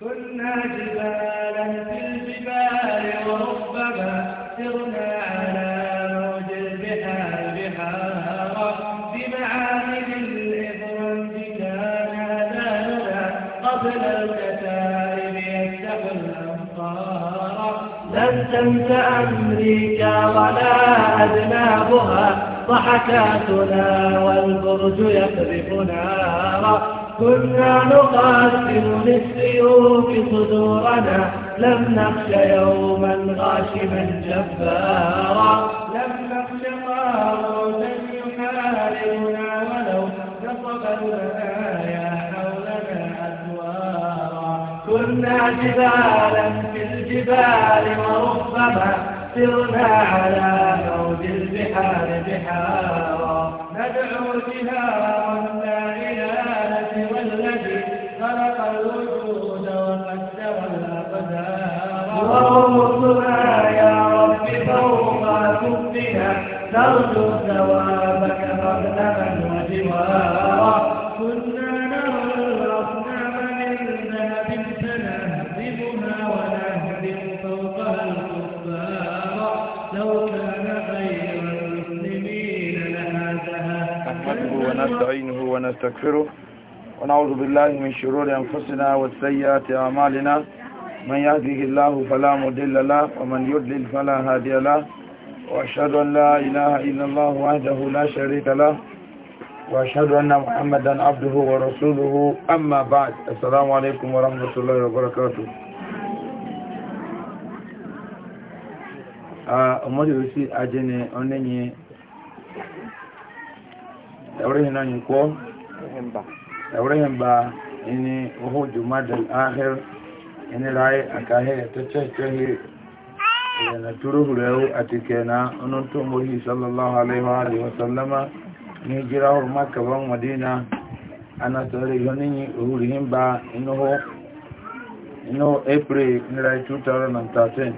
كنا جبالا في الجبال وربما سرنا على موج البحار بحارا بمعاهد الإثم كان هدانا قبل الكتائب يفتح الأمطار لن تنس أمريكا ولا أذنابها ضحكاتنا والبرج يقذف نارا كنا نقاسم للسيوف صدورنا لم نخش يوما غاشما جبارا لم نخش طاغوتا يحاربنا ولو نصب المنايا حولنا أدوارا كنا جبالا في الجبال وربما سرنا على موج البحار بحارا ندعو جهارا وغوصنا يا رب فوق كفنا نرجو ثوابك مغنما وجوارا كنا نرى الأصنام من ذهب سنهزمها ونهزم فوقها الكفار لو كان خير المسلمين لهزها نحمده ونستعينه ونستغفره ونعوذ بالله من شرور أنفسنا وسيئات أعمالنا من يهده الله فلا مضل له ومن يضلل فلا هادي له وأشهد أن لا إله إلا الله وحده لا شريك له وأشهد أن محمدا عبده ورسوله أما بعد السلام عليكم ورحمة الله وبركاته ọmọdé ló sí ajẹ́ni ọ̀nẹ́yìn ẹ̀wọ́rẹ́yìn náà yìí kọ́ ẹ̀wọ́rẹ́yìn bá ẹni ohun jùmọ́dẹ̀ ahẹ́rẹ́ ene lai akahe tace cehi na turu hulewu a tike na onuntun muhi sallallahu alaihi wa sallama ni jirawar makaban madina ana tare yonin ba inuhu inu april nilai 2013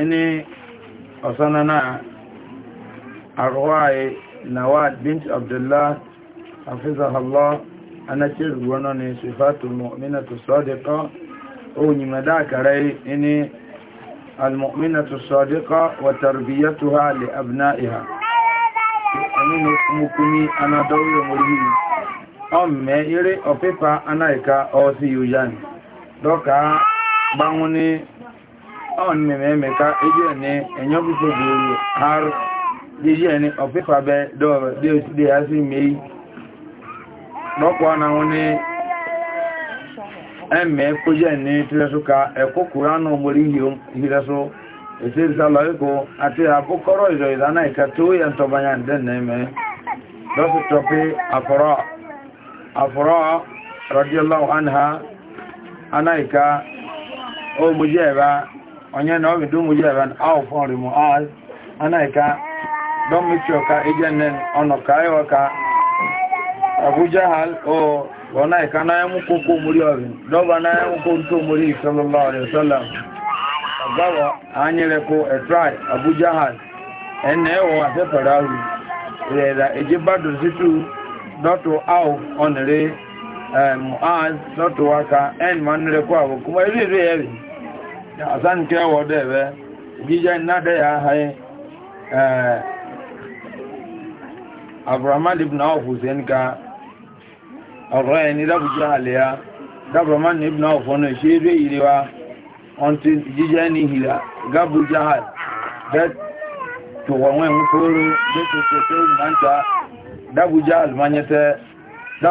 ini ah, osanana arwaye nawad bint abdullah hafizahallah anasir gona ne sifatul mu'minatu sadiqa o ni madakarai ini almu'minatu sadiqa wa tarbiyatuha li abna'iha aminu mukuni ana dawo muri ọmọ ire ọfífà anáìka ọsí yujan dọ́ka gbanwú ní ọ̀n mẹ́mẹ́mẹ́ka ejú ẹni ẹ̀yọ́ púpọ̀ gbòòrò har jíjí ẹni ọfífà bẹ́ dọ́ọ̀rọ̀ dé òsì dé á sí lọ́pọ̀ na wọn ni kó jẹ́ ní tírẹsúka ẹ̀kọ́ kùránù mọ̀rí hìrẹsú ètí ìsàlọ̀ ikọ̀ àti àkókọ́rọ̀ ìjọ ìdáná ìkà tó yẹ tọ́banyà dẹ́nẹ̀ẹ́mẹ́ lọ́sùtọ́ àfọ́rọ́ radiyallahu anha anáìka na mụ abujahal o wana na ya muko ko muri abi na ya muko to muri sallallahu alaihi wasallam gawa anyele a e try abujahal ene o ase parawi ile da eje badu situ doto eh, muaz doto waka en manre ko abu kuma ile ya ọ̀rọ̀ ẹni dábùjá àlẹ́yà dábùrọ̀má ní ibùnà ọ̀fọ́nà ṣe eré ìrẹ́ wa ọ̀ntí jíjẹ́ ní ìhìlá gábùjá bẹ́ẹ̀ tó wọ̀wọ́n ẹ̀mú bẹ́ẹ̀ tó tó tó ìmáǹtà dábùjá àlùmányẹ́tẹ́ na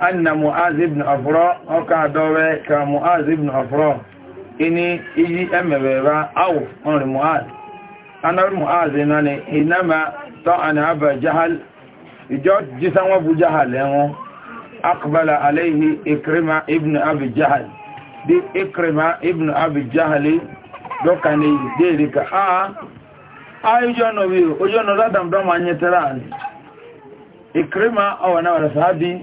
anna mu'az ibn afro ka adọwe ka mu'az ibn afro ini iji emebeba awu ọrị mu'az anar mu'az na ni inama ta'ana aba jahal ijo jisan wa bu jahal enwo akbala alaihi ikrima ibn abi jahal di ikrima ibn abi jahali doka ni deri ka a a ijo no bi ojo no radam do ma nyetera ni ikrima awana wala sahabi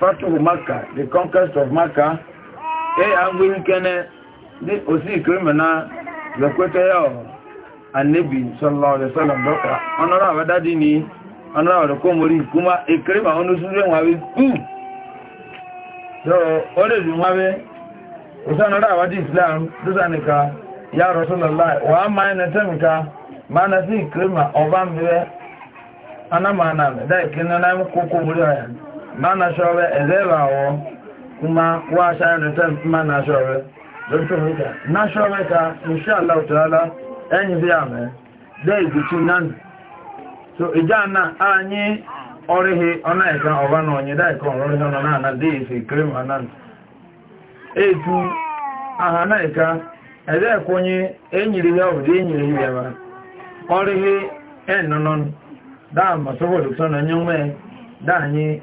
Fatuhu Maka, the conquest of Maka, ee agwụ ikene dị osi ikirima na zakwete ya annabi sallallahu alaihi wasallam doka onora wada ni onora wada ko mori kuma ikrima onu sunre wawe ku so ore du wawe usanora wada islam dusanika ya rasulullah wa ma na tamika mana si ikrima oba mbe ana mana da kinna na ko koko mori ayan ba na shore ezebawo kuma wa shayin return kuma na shore don to haka na shore ka insha Allah ta'ala ẹni bí àmẹ́ dẹ́ ìgbìtì náà so ìjá náà anyị ọrịghị ọna ẹ̀ka ọba na ọnyịda ẹ̀ka ọrịghị ọna náà na dẹ́ ìfẹ́ krim anan etu aha náà ẹ̀ka ẹ̀dẹ́ ẹ̀kwọnye enyiri ya ọbụdị enyiri ya ya ọrịghị ẹ̀nụnụ dáa masọbọdụ sọ na nye nwe dáa anyị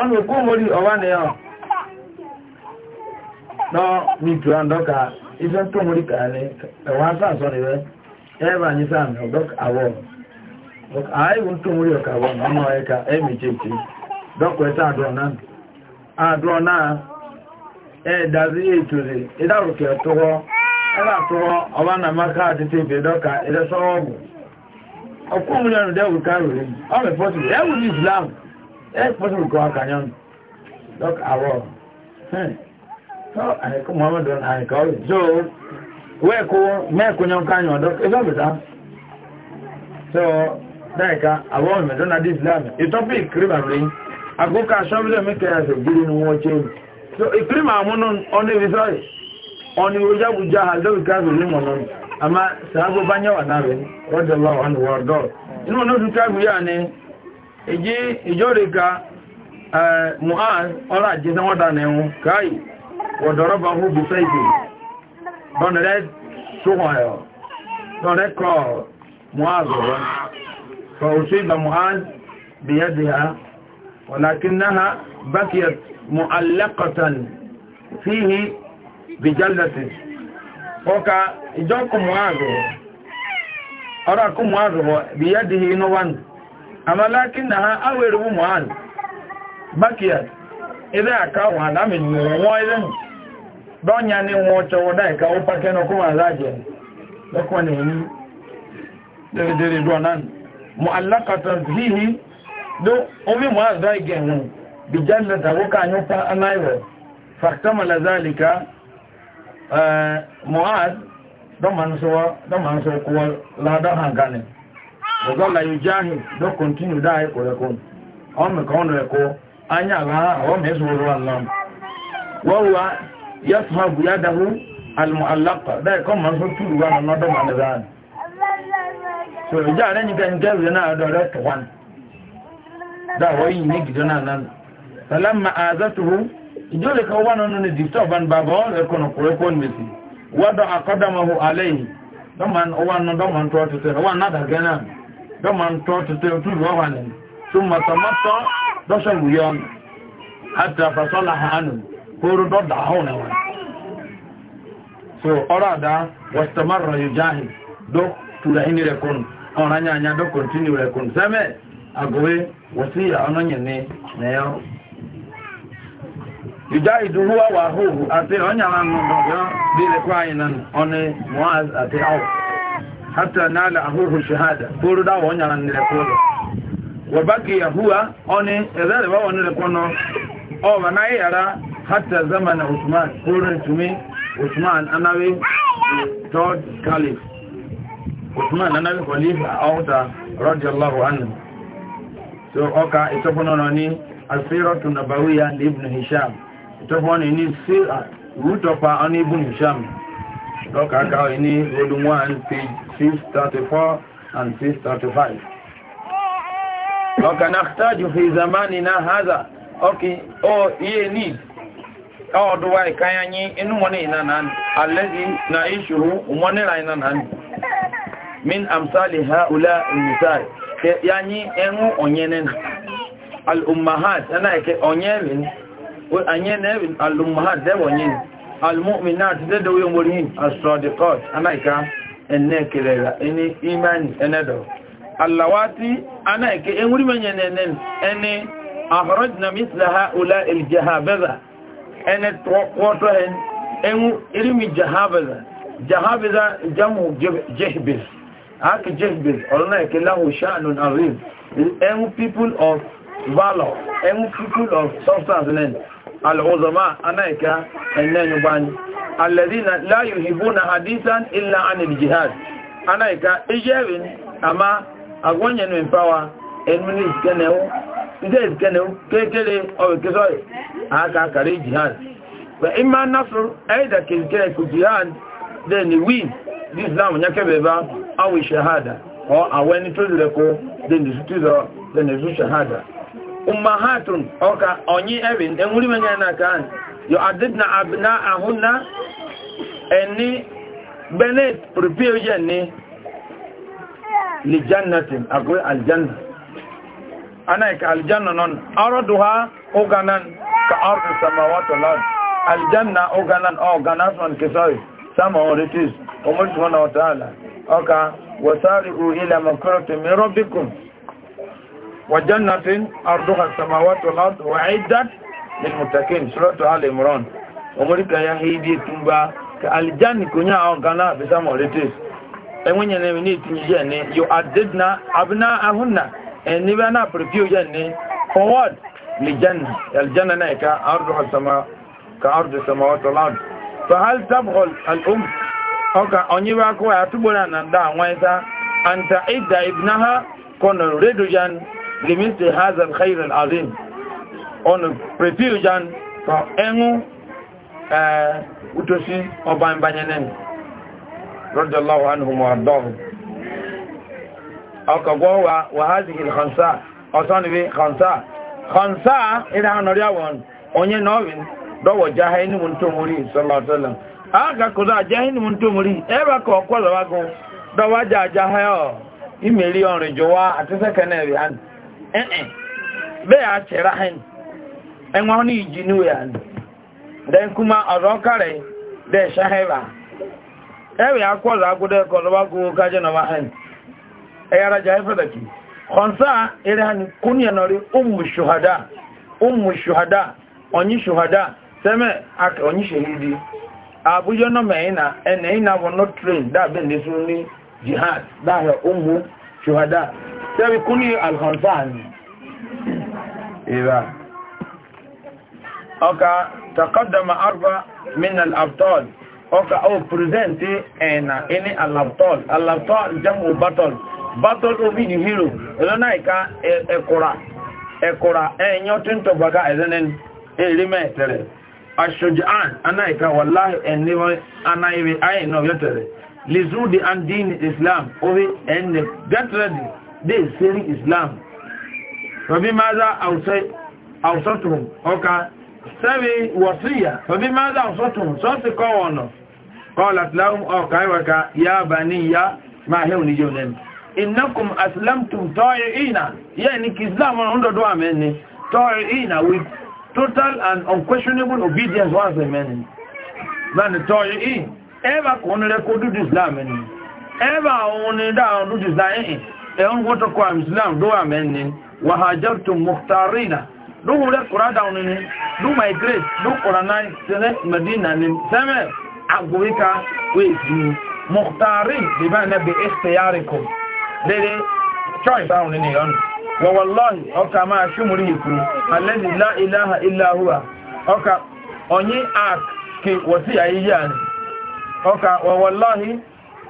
ọmọ ikú mori ọwá ni ọ náà ní ìtura ndọ́ka iṣẹ́ tó anyị kàálẹ̀ ẹ̀wọ̀n asáàsọ́ ni rẹ̀ anyị bụ sáàmì ọ̀dọ́ka àwọ̀ àìwọ̀n tó mori ọ̀ka ọmọ ẹ̀ka ẹ̀mì jẹ́jẹ́ dọ́kọ̀ ẹ̀ta àdúrọ̀ náà àdúrọ̀ náà ẹ̀ẹ̀dàzí ètòrè ìdárùkẹ̀ tọwọ́ ọba ẹ pọ́sùn kọ́ akanyọ́n dọ́k àwọ̀ tọ́ àyẹ̀kọ́ muhammadu àyẹ̀kọ́ so wẹ́ẹ̀kọ́ mẹ́ẹ̀kọ́ nyọ́ kanyọ́ dọ́k ẹ sọ́bìtá so dáìka àwọ̀ mẹ́tọ́nà dí islam ìtọ́pì ìkírìmà rẹ̀ àkókò aṣọ́bìlẹ̀ mẹ́kẹ́ àṣọ gírí ni wọ́n ṣe so ìkírìmà àmúnú ọ̀nà ìfisọ́rì ọ̀nà ìwòjáwùjá àdọ́bìkà rẹ̀ mọ̀nà àmà sàágbó bá na náà rẹ̀ rọ́jọ́ lọ́wọ́ eji ijori ka e, mu'az ọla ajisa wada na ẹ̀wọ̀n káyì wọ̀dọ̀rọ̀ bá hù lọ́nẹ̀rẹ́ ṣúwọ̀nyọ̀ lọ́nẹ̀ mu'az mu'az ha fihi bí jallatin ọka ìjọ́kù mu'az ọ̀rọ̀ mu'az ọ̀rọ̀ bí yẹ́ di amma lakin na ha awai rubu mu'an bakiyar idan aka wa alamin yiwuwa idan don ya ne wata wada ika wufa kenu kuma zaje da kuma ne yi dare-dare donan mu'allakatan hihi don omi mu'an zai genu bijallar da wuka yufa anaiwa faktamala zalika mu'ad don manusowa kuwa ladan hankalin ọ̀gọ́lá yóò já hìn ló kọ̀ntínú dá ẹ̀kọ́ ẹ̀kọ́ ọmọ kan rẹ̀ kọ́ ányà àgbáhà ọmọ ẹ̀sùn ya àlám wọ́n ya yẹ́sùn àbúyádáwó alùmọ̀ alápá bẹ́ẹ̀ kọ́ mọ́ sọ túrù wà lọ́dọ̀ mọ̀lẹ́dáà so ìjà rẹ̀ nìkan nìkan ìwé náà dọ̀rẹ́ tọ̀wán dáwọ́ yìí ní gìdọ́ náà náà sàlámà àzọ́tòwó ìjọ́ ka ụwa wọ́n nínú dìtọ́ bá ń bàbá ọ kọ̀nà kọ̀rẹ́kọ́ wadọ dọ́mà ń tọ́ tẹ́tẹ́ ojú ìwọ́wà nì tó mọ̀tọ̀mọ́tọ́ dọ́ṣọ̀gbùyọ́n àtàfàṣọ́lá hànù kóró dọ́dà hàn wọn so ọ̀rọ̀ àdá wọ́stọ̀mọ́rọ̀ yóò jáhìn dọ́ tura ẹni rẹ̀kùn ọ̀rọ̀ anyá dọ́ kọ̀ntínú rẹ̀kùn sẹ́mẹ̀ àgọ́wé wọ́sí ọ̀nọ́nyẹ̀ni nẹ́yọ́ ìjáìdú húwà wà hóhù àti ọ̀nyàrá nù ọ̀gbọ́n bí lẹ́kọ́ àyìnà ọ̀nà mọ́ àti áwọ̀ hata nala ahuhu shahada furu da wonya na nile kolo wabaki ya huwa oni ezale wa onile kono o wana yara hata zaman Uthman furu tumi Uthman anawi third caliph Uthman anawi khalifa auta radiyallahu anhu so oka itopono noni asiratu nabawiyya ibn Hisham itopono ni sira rutopa ani ibn Hisham lọ́kàkà ní volume 1 page 634 and 635 ọkà nàktájú fi zamani na haza ọkì ó iye ní ọdúnwà ìkáyanyí inú wọn ìná náà alẹ́dí na ìṣòro umarnira ìná náà min amsali ha ula nisari yanyi ẹnu onyenena al-ummahat yana ike onyenin onyenin al-ummahat zai onyenin almu'min náà ti dédé wíwọ́n wọ́n yìí asọ́dìkọ́t anáìká ẹnẹ́ kẹrẹ̀rẹ̀ ẹni imani ẹnẹ́dọ̀ alawati anáìká enwúrí mẹ́yẹn ẹni àfọ́rọ́jìnà mísìláha ulá ìljahabẹ́zà ẹni wọ́tọ́ ẹn ẹnwú irimi jahabẹ́zà jahabẹ́zà jamu jehbiz haka jehbiz ọ̀rọ̀nà ẹ̀kẹ́ láhù sha'anun arim people of valor ẹnwú people of substance lẹ́nu al'uzama anaika ẹ̀nẹ́yìn báyìí alẹ́dínà láyò ìbú na hadisan ilá anìl jihad anaika ijẹ́rin àmá agbóyẹnu ìfáwa ẹnmìnì ìsikẹnẹ̀wó kékeré ọ̀rẹ̀kẹsọ́rẹ̀ àkàkàrí jihad bẹ̀ ima nasir ẹ̀dà kìrìkìrì kù jihad dẹ̀ ni wí ní islam nyakẹ́bẹ̀bá awì shahada ọ àwọn ẹni tó lẹ́kọ́ dẹ̀ ni sùtúzọ dẹ̀ ni sù shahada ummahatun oka onyi ewin enwuri menya na kan yo adidna abna ahuna, eni benet prepare je ni li jannatin akwai aljanna ana ka aljanna non araduha uganan ka ardu samawati wal aljanna uganan o oh, ganason kisawi sama oritis umur subhanahu wa ta'ala oka wasari'u ila maghfiratin min rabbikum وجنة أرضها السماوات والأرض وعدت للمتقين سورة آل عمران ومريك يا هيدي تنبا كالجان كنيا أوغانا في ساموريتيس ẹwọ́n yẹn ni ìtìyí yẹn ni yóò àdídìna àbúná ahúnna ẹni bá náà pẹ̀lú yẹn ni forward lè jẹ́nà aljanna náà ka ardu samawata láàdù fahal tabhol al'um ọka ọnyíwá kó àtúgbò náà nà dá àwọn ẹsá àǹtà ìdà ìbìnáhá kọ̀nà rédíò yẹn لمثل هذا الخير العظيم on refugian from engu uh, utosi ọba mbanyenen radiyallahu anhum wa adahu ọkọ̀gbọ́ wa wa hazikil khansa ọsọ́nibi khansa khansa ila hanori onye novin dọwọ jaha inu mun tó múrí sọlọ́tọ́lọ́ aka kọ́dọ̀ jaha inu mun tó múrí ẹwà kọ̀ ọkwọ́lọ́wà gún dọwọ́ jaha ọ imeri jọwa àti sẹ́kẹ̀ náà hàn bẹ́ẹ̀ àṣẹ́ra hẹn ẹwọ́n ní ìjì ní ìyàn dẹ́n kúmá ọ̀rọ̀ kàrẹ̀ dẹ́ ṣáhẹ́rà ẹwẹ́ akọ́lọ̀ agúdẹ́ kọlọ́wágún kájẹ́ nọwá hẹn ẹyára jẹ́ fẹ́dẹ̀kì kọ̀nsá eré hàn kúnìyànrí umu ṣùhàdá umu ṣùhàdá ọ̀nyí ṣùhàdá sẹ́mẹ̀ akẹ́ ọ̀nyí ṣèhìdì na nọ́mẹ̀ẹ́nà ẹnẹ̀ẹ́nà wọn not train dábẹ̀ ní jihad dáhẹ̀ umu ṣùhàdá sẹ́rí kún ní alhanzan ìrà ọka takọ́dọ̀mà arba min al-abtol ọka o pírẹsẹ̀ntì ẹ̀nà ẹni al-abtol al-abtol jẹ́mù batol batol obi ni hero ẹlọ́nà ìka ẹkùra ẹkùra ẹ̀yọ́ tí ń tọ̀bàká ẹ̀zẹ́nẹ́ni èrí mẹ́ẹ̀tẹ̀rẹ̀ ashujan anaika wallahi enniwa anaiwe ayinu yẹtẹ̀rẹ̀ lizudi and din islam obi enne get ready dai sirri islam wabi maza ausatun ọka sẹ́bi wọ̀síyà wabi maza ausatun sọ́sì kọ́ ọ̀nà kọ́lá tìláhùn ọka ìwẹ̀ka ya bá ní ya máa hẹ́ oníjẹ́ onẹ́nu innakum aslamtum ta'i'ina yani kislam on do do ameni ta'i'ina with total and unquestionable obedience was ameni man ta'i'in Eva kon le ko do islam ni eba on da on do ẹ̀hún wọ́tọ̀ kọ́ islam lówà mẹ́ni wàhájẹ́tù mọ̀tàrínà lóhun rẹ̀ kùrádà ní ló migrate ló kọ̀rọ̀ náà tẹ́lẹ̀ medina ní sẹ́mẹ̀ agbóríká wéèdì mọ̀tàrín bíbá ẹ̀nẹ́bí ẹ̀sẹ̀yárikọ̀ choice àwọn ní ọ̀nà wọ̀wọ̀lọ́hì ọkà máa ṣúmùrí ìkúrú alẹ́dì láìláha ìláhùwà ọkà ọ̀nyí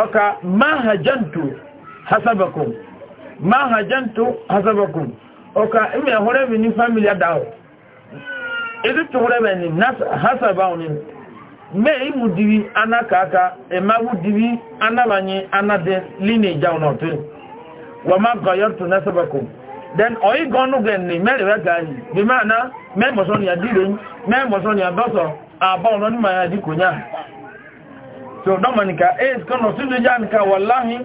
ọka ma hajjantu hasabakum ma hajjantu hasabakum ọka ime hore mi ni family adawo ezi to hore mi ni hasaba oni me imu dibi anaka aka emagu dibi anabanye anade lineage awon otu wa ma gayartu nasabakum then oyi gonu gen ni mere we gayi bi mana me moso ni adire me moso ni adoso abawon ni ma ya dikonya so dominica is eh, kono tuzu janika wallahi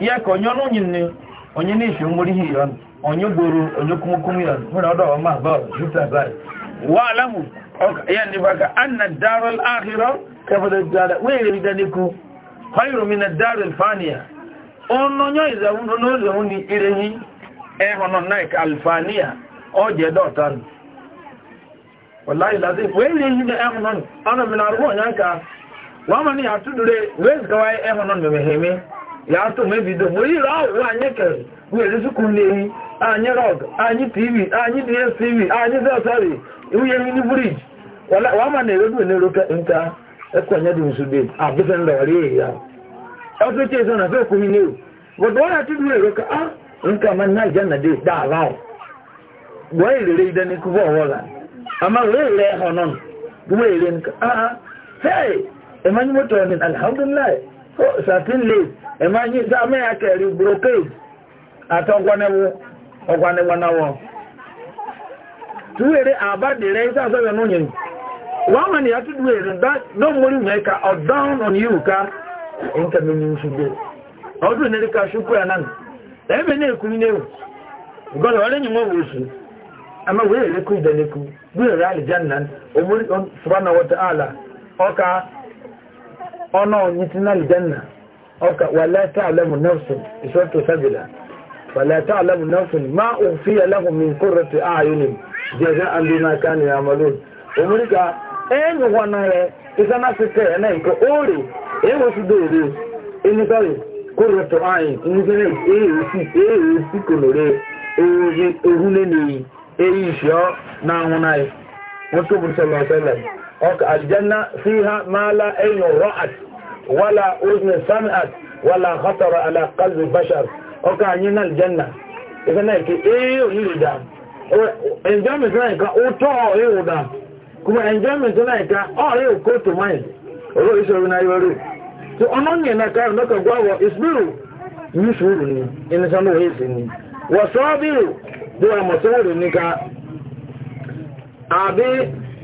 ye ko nyonu nyinni onye ni shi hi yon onye gboro onye kumu kuma yon mun odo ma ba juta bai wa alamu ya ni baka anna darul akhirah kafa da dala we ri da niku khairu min daril faniya onno nyo iza undo no le e hono naik alfaniya oje dotan wallahi lazim we e hono eh, ana min arwo nyanka wọ́n mọ̀ ní àtúndúré wéèzì kan wáyé ẹ̀hùn náà mẹ̀mẹ̀hẹ̀mẹ́ yàtò mẹ́bìdó mo yíra ọ̀wọ́ àyẹ́kẹ̀rẹ̀ wèèrè síkú lérí àyẹ́ tv àyẹ́ dstv àyẹ́ zẹ́ọ̀sọ́rì ìwúyẹ́ ní bridge wọ́n mọ̀ ní erédùn ní eréka nta ẹkọ̀ ẹ̀yẹ́ dùn sùdé àbúfẹ́ ńlọrọ̀ èèyàn ọdún tí èso náà fẹ́ ní o ní ẹ̀má ní mọ́tò ẹ̀mí alhamdulilayi ó sàtínlẹ̀ ẹ̀má sáàmì akẹ́rì brocade àtọ́gbọ́nẹ́wó ọgbọ́nẹ́wọ́náwọ́ túwèrè àbádìrẹ́ sáàsọ́bẹ̀ núnyìn wọ́n mọ̀ ní àtúndúwèrè dánmórí mẹ́ka ọ̀dán on yíò ká ẹ̀ńkẹ́mi ọdún nílẹ̀ká ṣúkú ẹ̀ náà ẹ̀mẹ́ ní èkú nínú gọ́lọ̀ ama ọ̀nà òyìntínà aljanna ọkà wala ta'lamu nafsun ìṣọ́tò sábìlá wala ta'lamu nafsun ma ufiya lahum min qurrati a'yunin jaza'an bima kanu ya'malun òmìnirka ẹ̀yìn wọn rẹ̀ ìsáná sí tẹ̀ ẹ̀ náà nǹkan óòrè èèwọ̀ sí dòòrè ẹnìkọ́rì qurratu a'yun ìníṣẹ́rẹ̀ èèwọ̀ sí kòlòrè èèwọ̀ ohun lẹ́nu èyí ìṣọ́ náà wọn náà wọ́n tó bú sọ́lọ́ sọ́lọ́ الجنة فيها ما لا عين رأت ولا أذن سمعت ولا خطر على قلب بشر Oka àyínà aljanna ìfẹ́nà ìkẹ́ èé onílùdá enjoyment náà ìka ó tọ́ ọ̀rẹ́ da, kuma enjoyment náà ìka ọ̀rẹ́ òkó tó máyìn oró ìṣòro náà yọrọ tí ọ̀nà ní ẹ̀nà káyọ̀ lọ́kà ka ni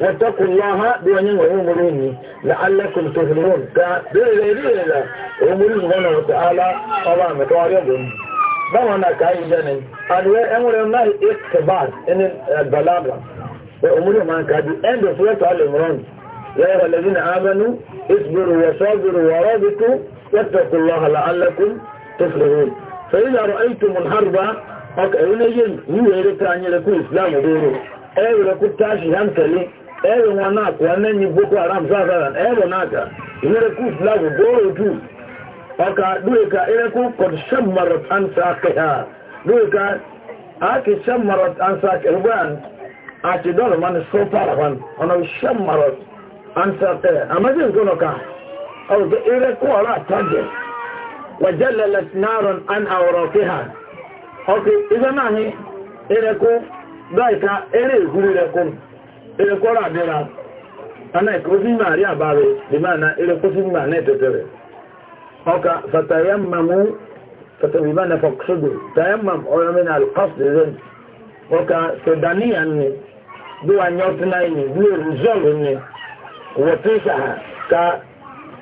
واتقوا الله بأنهم يؤمروني لعلكم تفلحون كبير إلى أمور سبحانه وتعالى الله متواريهم بما نكاي جنن أدواء إيه، الله إكتبار إن البلاغة إيه، وأمور ما كادي أن بسورة الإمران يا أيها الذين آمنوا اصبروا وصابروا ورابطوا واتقوا الله لعلكم تفلحون فإذا رأيتم الحرب أكأين جن يوهي لتعني لكم إسلام دوره أي أيوة، لكم تاشي هنكلي ẹ̀rù wọn náà kọ́ lẹ́yìn boko haram sáfẹ́ràn ẹ̀rù náà kà ìrẹ́kù flag bóòrò tù ọkà dúwẹ́ka ìrẹ́kù kọ̀dùsẹ́m marot ansa kẹ́hà dúwẹ́ka ákì sẹ́m marot ansa kẹ́rùbán àti dọ́rọ̀ man sọ parawan ọ̀nà sẹ́m marot ansa kẹ́hà àmọ́jì nǹkan ọ̀ka ọ̀gá ìrẹ́kù ọ̀rọ̀ àtàjẹ̀ wàjẹ́lẹ̀lẹ̀ náírọ̀n an àwọ̀rọ̀ kẹ́hà irekwọrọ adịra anaghị ozi ime arị abalị dị mana irekwọsi na-etetere ọka fatayamamu fatabibana faksudu tayamam ọrịa ọka sedania nne duwa nyotina ini duwa rizol nne wọtisa ka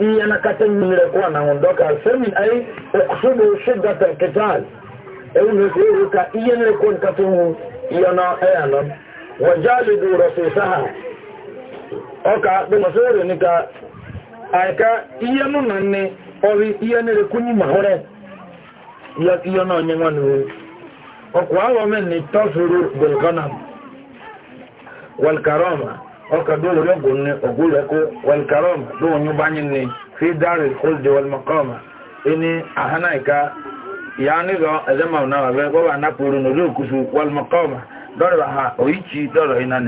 iya na na ai ewu na ka na nkata iya na wàjálìdù rọ̀fẹ́ sáà ọka gbẹmọ̀sọ́rọ̀ níka àìká iye nùnà ní ọrí iye nílé kúnyí mahọ́rẹ́ iye náà ní wọn rẹ̀ ọkọ̀ awọ́mẹ́ ni tọ́fúrú belgona walkaroma ọka dóòrí ọgbọ̀n ní ọgbọ̀lẹ́kọ́ walkaroma dóòyún báyìí ní fi dárí kúldé walmakoma ẹni àhánáìká ìyá nílọ ẹ̀zẹ́mà dọ́rọ̀ ha oríṣi dọ́rọ̀ iná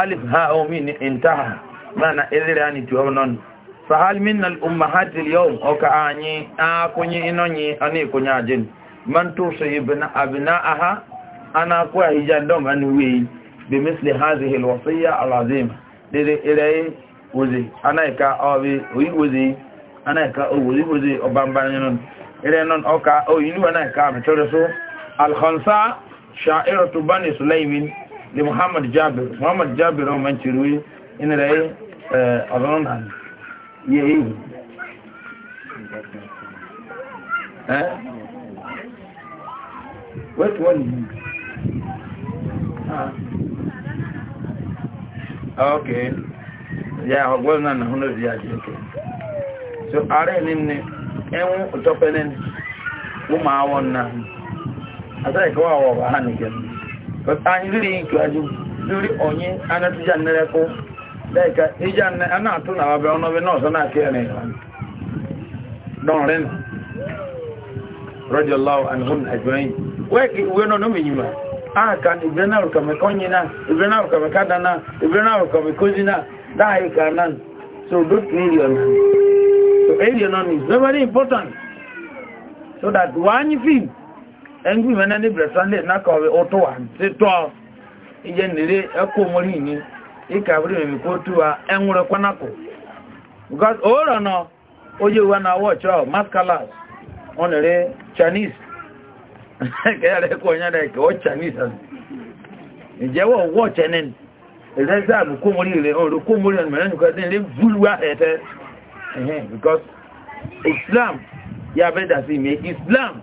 alif ha omi ni intaha mana eléré a ni tí ọmọ náà fahal min al ummahatil yawm oka anyi akunyi inonyi ani kunya ajin man tusu ibna abnaaha ana kwa hijandom ani wi bi misli hadhihi al wasiya al azima dede eleye wozi anaika obi oyi wozi anaika owozi wozi obamba nyon ere non oka oyi ni anaika metoro so al khansa sha'iratu bani sulaimin da muhammad jabir muhammad jabir man ciruyi ina da yi a zanen ya yi eh wait one ah okay ya ogwon na huno ya jike so are ni ni enwu utopenen umawon na asai kawa wa ba hannu ke an yi zuri yanki waju zuri onye ana ti jan nere ko daika ijan ne ana tuna wa be ono be no so na ke ne don ren radiyallahu anhum ajmain wa ki so do million so area is very important so that one thing. ẹgbẹ́ ìmẹ́nà ní brẹ̀sánlẹ̀ náà ọ̀tọ́ wà títọ́ ìjẹ́ nílé ẹkọ́ mọ́rí ní ìkàbírí mẹ́mí kó túwa because òórọ̀ náà ó wa náà wọ́ ọ̀chọ́ mascalas ọ̀nẹ̀rẹ́ chinese kẹ́yàrẹ́ ẹkọ́ ọ̀nyára because islam ya sí mi islam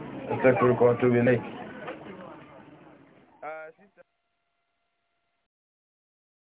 effect we're going to be late.